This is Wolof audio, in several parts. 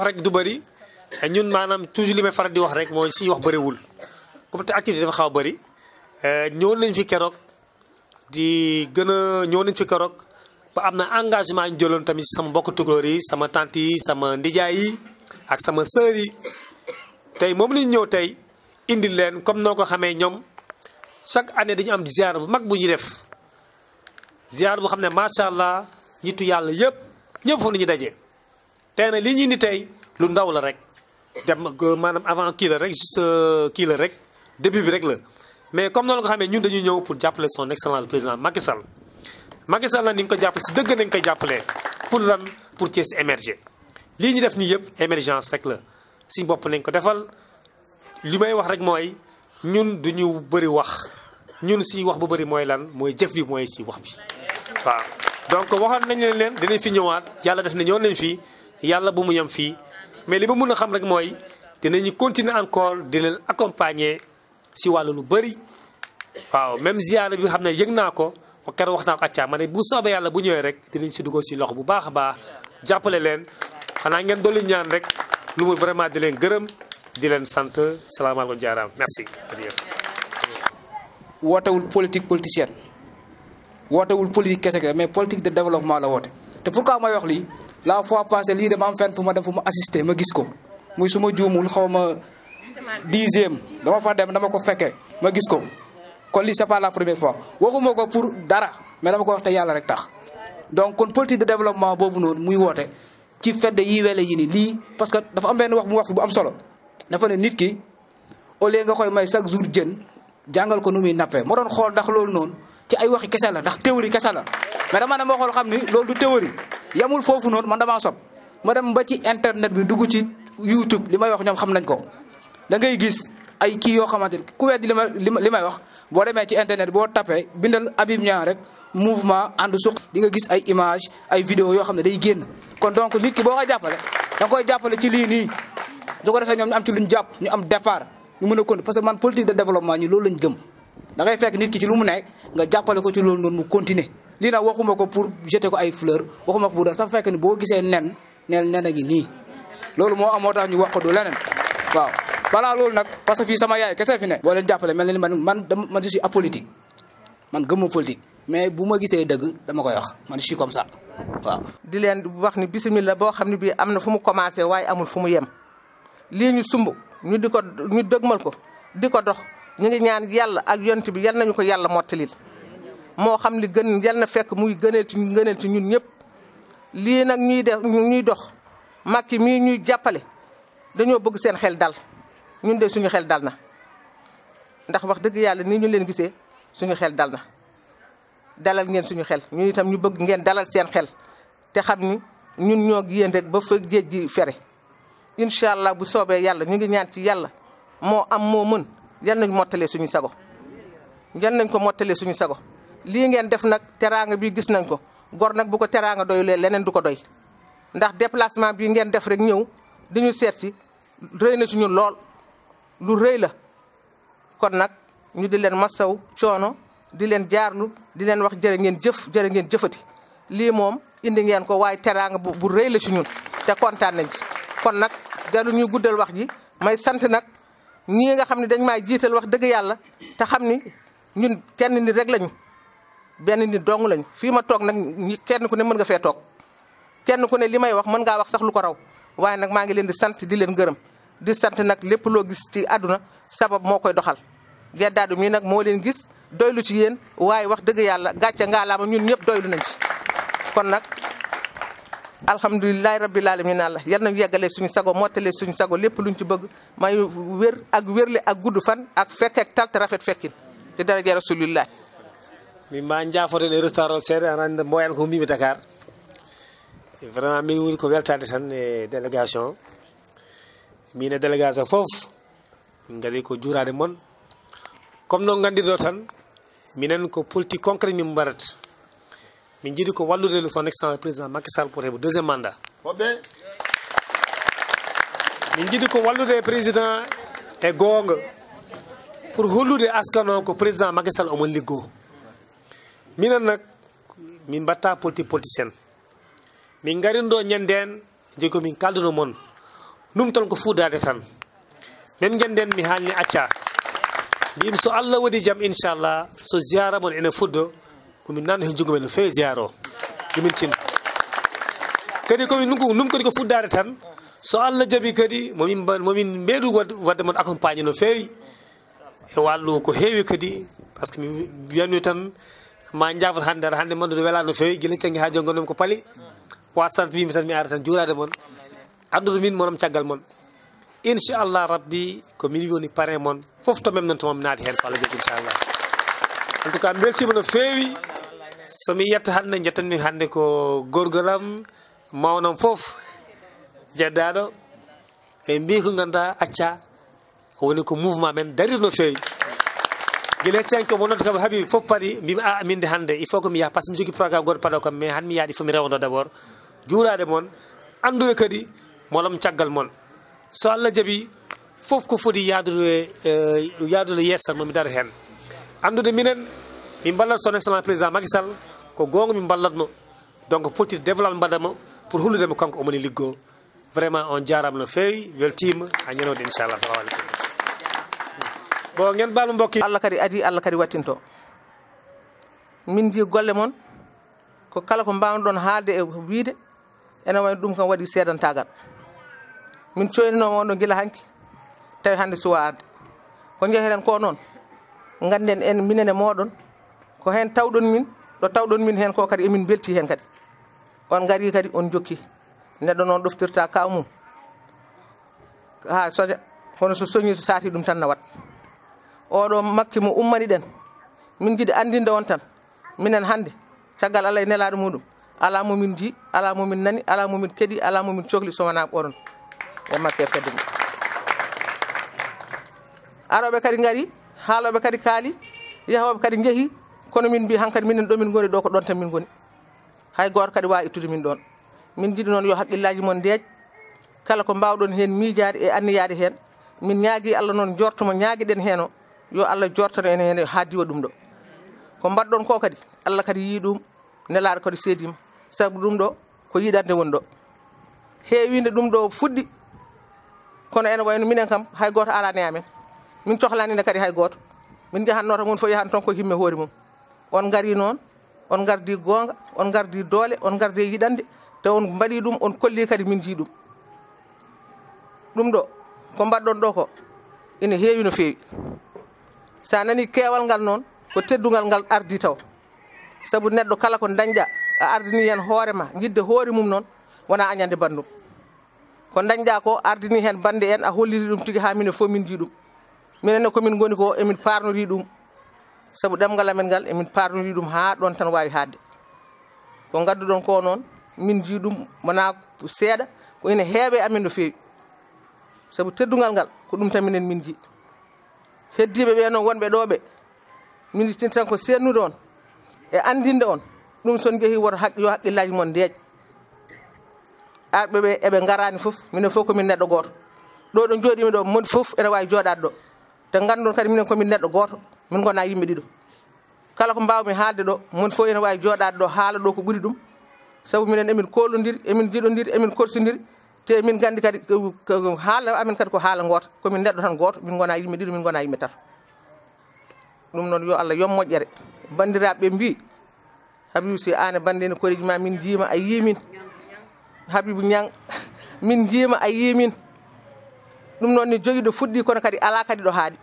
wax rek du bëri ñun maanaam toujours li may faral di wax rek mooy suñu wax bëriwul comme te activité dafa xaw a bëri euh, ñëw nañ fi keroog di gën a ñëw nañ fi keroog ba am na engagement ñu jëloon tamit sama mbokk tukulóor yi sama tante yi sama ndijaay yi ak sama sœur tey moom la ñu ñëw tey indi leen comme noo ko xamee ñoom chaque année dañu am di ziar bu mag bu ñuy def ziar bu xam ne macha allah ñitu yàlla yëpp ñëpp foofu la ñuy daje. tey nag li ñu ni tey lu ndaw la rek dem euh, maanaam avant kii la rek juste euh, kii la rek début bi rek la mais comme noonu nga xamee ñun dañuy ñëw pour jàppale son excellence président Macky Sall Macky ni nga ko jàppale si dëgg nañ koy jàppale pour lan pour Thiès émerger lii ñu def nii yëpp émergence rek la si bopp nañ ko defal li may wax rek mooy ñun du ñu bëri wax ñun si wax bu bëri mooy lan mooy jëf bi mooy si wax bi waaw donc waxoon nañ leen leen dinañ fi ñëwaat yàlla def na ñëw nañ fii yalla bu mu yam fi mais li ba mun a xam rek mooy dinañu continuer encore di leen accompagner si wàllu lu bëri waaw même ziyaara bi xam ne yëg naa ko kero wax naa ko acca ma ne bu soobee yàlla bu ñëwee rek dinañ si dugg si lox bu baax a baax jàppale leen xanaa ngeen dolli ñaan rek lu mu vraiment di leen gërëm di leen sant salaamaaleykum jaaraam merci. wootewul politique politicienne wootewul politique kese mais politique de développement la woote. te pour pourquoi may wax lii la fois passée lii dama am fenn fu ma dem fu ma assisté ma gis ko muy suma ma juumul xaw ma dixième dama fa dem dama ko fekkee ma gis ko kon lii c'est pas la première fois waxuma ko pour dara mais dama ko wax te yàlla rek tax donc kon politique de développement boobu noonu muy woote ci fedd yi wele yi nii lii parce que dafa am benn wax bu mu wax fi bu am solo dafa ne nit ki au lieu nga koy may chaque jour jën jàngal ko nu muy nappe ma doon xool ndax loolu noonu ci ay waxi kese la ndax théorie kese la mais dama ne moo xool xam ni loolu du théorie yamul foofu noonu man damaa sob ma dem ba ci internet bi dugg ci YouTube li may wax ñoom xam nañ ko da ngay gis ay kii yoo xamante ni ku weddi li ma li may wax boo demee ci internet boo tapé bindal Habib Niang rek mouvement ànd suq di nga gis ay image ay vidéo yoo xam ne day génn kon donc nit ki boo koy jàppale da nga koy jàppale ci lii nii su ko defee ñoom ñu am ci luñ jàpp ñu am départ ñu mën a continuer parce que man politique de développement ñu loolu lañ gëm da fekk nit ki ci lu mu ne nga jàppale ko ci loolu noonu mu continuer lii nag waxuma ko pour jeter ko ay fleur waxuma ko pour dara sax fekk ni boo gisee nen neel nen a ngi nii loolu moo am moo tax ñu wax ko du leneen waaw balaa loolu nag parce que fii sama yaay kese fi ne jàppale mel na ni man man man je a apolitique man gëmma politique mais bu ma gisee dëgg dama koy wax man je suis comme ça waaw di leen wax ni bisimilah boo xam ne bii am na fu mu commencé waaye amul fu mu yem lii ñu ñu di ko ñu dëgmal ko di ko dox ñu ngi ñaan yàlla ak yonent bi yal nañu ko yàlla mottalil moo xam li gën yal na fekk muy gëneel ci gëneel ci ñun ñëpp lii nag ñuy def ñuy dox Macky mii ñuy jàppale dañoo bëgg seen xel dal ñun de suñu xel dal na ndax wax dëgg yàlla ni ñu leen gisee suñu xel dal na dalal ngeen suñu xel ñun itam ñu bëgg ngeen dalal seen xel te xam ni ñun ñoo yéen rek géej gi fere incha allah bu soobee yàlla ñu ngi ñaan ci yàlla moo am moo mën yal nañ mottalee suñu sago yal nañ ko mottalee suñu sago lii ngeen def nag teraanga bi gis nañ ko gor nag bu ko teraanga doyulee leneen du ko doy ndax déplacement bi ngeen def rek ñëw di ñu seet si rëy na ci ñun lool lu rëy la kon nag ñu di leen masaw coono di leen jaarlu di leen wax jërë ngeen jëf jërë ngeen jëfati lii moom indi ngeen ko waaye teraanga bu bu rëy la ci te kontaan nañ ci jarul ñu guddal wax ji may sant nag ñii nga xam ne dañ maa jiital wax dëgg yàlla te xam ni ñun kenn ni rek lañu benn nit dong lañu fii ma toog nag kenn ku ne mën nga fee toog kenn ku ne li may wax mën ngaa wax sax lu ko raw waaye nag maa ngi leen di sant di leen gërëm di sant nag lépp loo gis ci àdduna sabab moo koy doxal geddaadu mii nag moo leen gis doylu ci yéen waaye wax dëgg yàlla gàcce nga laama ñun ñëpp doylu nañ ci kon nag alhamdulilahi rabbil alamin allah yal nañu yeggalee suñu sago mottalee suñu sago lépp luñ ci bëgg may wér ak wérle ak gudd fan ak fekk ak tal te rafet fekkin te daraja rasulillah min ma jaafoten e restaurant seeɗa arande mboyan ko mbimi dakar vraiment min délégation foof min ko juurade moon comme noon gandirɗo tan minen ko politique concret min mbarat min ko le son excellence président Macky Sall pour heɓo deuxiéme mandat hoɓɓe min jiiɗi ko wallude président e goonga pour hollude askan o ko président Macky Sall omon liggoo minen nak min batta politique politicien min garindo ɗo ñanden jogi komin no mon num tan ko fuudade tan min ñanden mi haalni acca mbimi so allah wadi jam inshallah so ziyara mon ene fuddo komin nanno hen jungo men no fewi jeyaro yomin tin kadi komin num kadi ko fuddade tan so allah jaaɓi kadi momin momin ɓeydu wadde moon accompagné no fewi e wallu ko heewi kadi par ce que mi wiyanmi tan ma jafat hande ara hande mandude welade no fewi guila caggi ha jongonomi ko paali wasan wimi tan mi ara tan juurade moon andude min moonam caggal moon inchallah rabbi komin wiwoni paré moon foof to memnon to mami naati hen so allah jaaɓi inchallah en tout cas beltima no fewi somi yetta hande jettanmi hande ko gorgolam mawnam foof jeddaɗo e mbi ko ganduɗa acca woni ko mouvement men darirno fewi guila hecciani ko wonnoto kam haabi foof paari mbimi a minde hande il faut que mi yaha par ce que mi jogui programme goto paɗo kam mais hanmi yaaɗi fo mi rewdo d' abord juurade moon andude kadi molom caggal moon so allah jaaɓi foof ko footi yaadude e, yaadude yessan momi dara hen andude minen min ballat son excellent président makisall ko gonga min ballatmo donc pottide développement mbaɗatmo pour hullodemo kanko omoni liggo vraiment on jarama no fewi weltima ha ñanode inchallah salamu aleykum bon gen balo mbokki allah kadi adi allah kadi wattinto min ji golle moon ko kala ko mbawnoɗon haalde e wiide ene wayno ɗum kam waɗi sedantagal min coyninoma onɗo guila hanki tawi hande suwa arde ko jeeheten ko noon ganden en minene moɗon ko heen tawɗon min ɗo tawɗon min heen ko kadi emin belti heen kadi on ngari kadi on jokki neɗɗo noon ɗoftirta kaw mum ha soja kono so soñi so saati ɗum tan na wat oɗo makki mo ummani ɗen min jiɗi andinde on tan minen hannde caggal alah e nelaɗo muɗum ala momin di ala momin nani ala momin keɗi ala momin cohli sowana ɓoron e makke fedde mum aroɓe kadi ngari haaloɓe kadi kaali yahoɓe kadi jeehi kono min mbi hankkadi minen ɗo min goni ɗo ko ɗon tan min goni hay goto kadi wawi ittude min ɗon min jiiɗi noon yo haqqillaji moon deeƴ kala ko mbawɗon hen miijade e anniyade hen min ñaagui allah noon jortoma ñaaguiɗen hen o yo allah jortan en hen ha diwa ɗum ɗo ko mbaɗɗon ko kadi allah kadi yii ɗum nelaɗo kadi seedima saabu ɗum ɗo ko yiiɗande woni ɗo heewide ɗum ɗo fuɗɗi kono ene wayno minen kam hay goto arani amen min cohlanine kadi hay goto min jahannota mum fo yahan ton ko himme hoori mum on gari noon on gardi goonga on gardi doole on gardi yiɗande te on mbaɗi ɗum on kolli kadi min ji ɗum ɗum ɗo ko mbaɗɗon ɗo ko ina heewi no feewi sa nani keewal ngal noon ko teddungal ngal ardi taw sabu neɗɗo kala ko dañƴa a ardini heen hoore ma yidde hoore mum noon wona añande banndum ko dañƴa ko ardini heen bande en a holliri ɗum tigi haa minen fof min ji ɗum minenne komin ngoni ko emin paarnori ɗum saabu ɗemgal amen ngal emin parnori ɗum ha ɗon tan wawi haadde ko gadduɗon ko noon min jii ɗum wona seeɗa ko ene heeɓe amin no feewi saabu teddugal ngal ko ɗum tan minen min jii heddiɓe ɓe noon wonɓe ɗo ɓe min tin tan ko sennude on e andinde on ɗum son jeehi woto yo haqqillaji moon ndeeƴa arɓe e ɓe eɓe garani foof minen fof komin neɗɗo goto ɗo ɗo jooɗimi ɗo moni fof ene wawi jooɗade ɗo te gandon kadi minen komin neɗɗo goto min gona yimɓe ɗiɗo kala ko mbawmi haalde ɗo moni fof ene wawi joɗade ɗo haala ɗo ko ɓuuri ɗum saabu minen emin kollodiri emin jiɗodiri emin korsodiri te min gandi kadi haala amin kadi ko haala goto komin neɗɗo tan goto min gona yimɓe ɗiɗo min gona yimɓe tato ɗum noon yo allah yom moƴƴere bandiraɓe mbi habibu si ane bandini koreji ma min jiima a yimin habibu ñang min jiima a yimin ɗum noon ni joguiɗo fuɗɗi kono kadi ala kadi ɗo haaɗi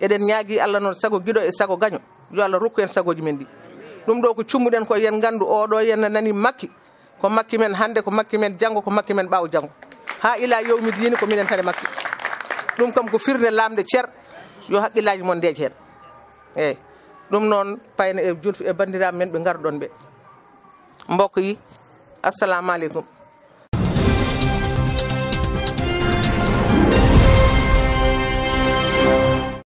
eɗen ñaagui allah noon sago guiɗo e sago gaño yo allah rokku hen sagoji men ɗi ɗum ɗo ko cummuɗen ko yen gandu oɗo yenna nani makki ko makki men hande ko makki men janggo ko makki men ɓawo janggo ha ila yowmi dini ko minen tane makki ɗum kam ko firnde lamde ceer yo haqqillaji moon deje hen eyyi ɗum noon payna e julfe e bandiraɓe men ɓe garɗon ɓe mbokk yi assalamu aleykum